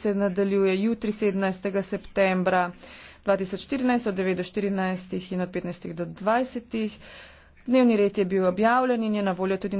se nadaljuje jutri 17. septembra 2014 od 9 do 14 in od 15 do 20. Dnevni red je bil objavljen in je na voljo tudi.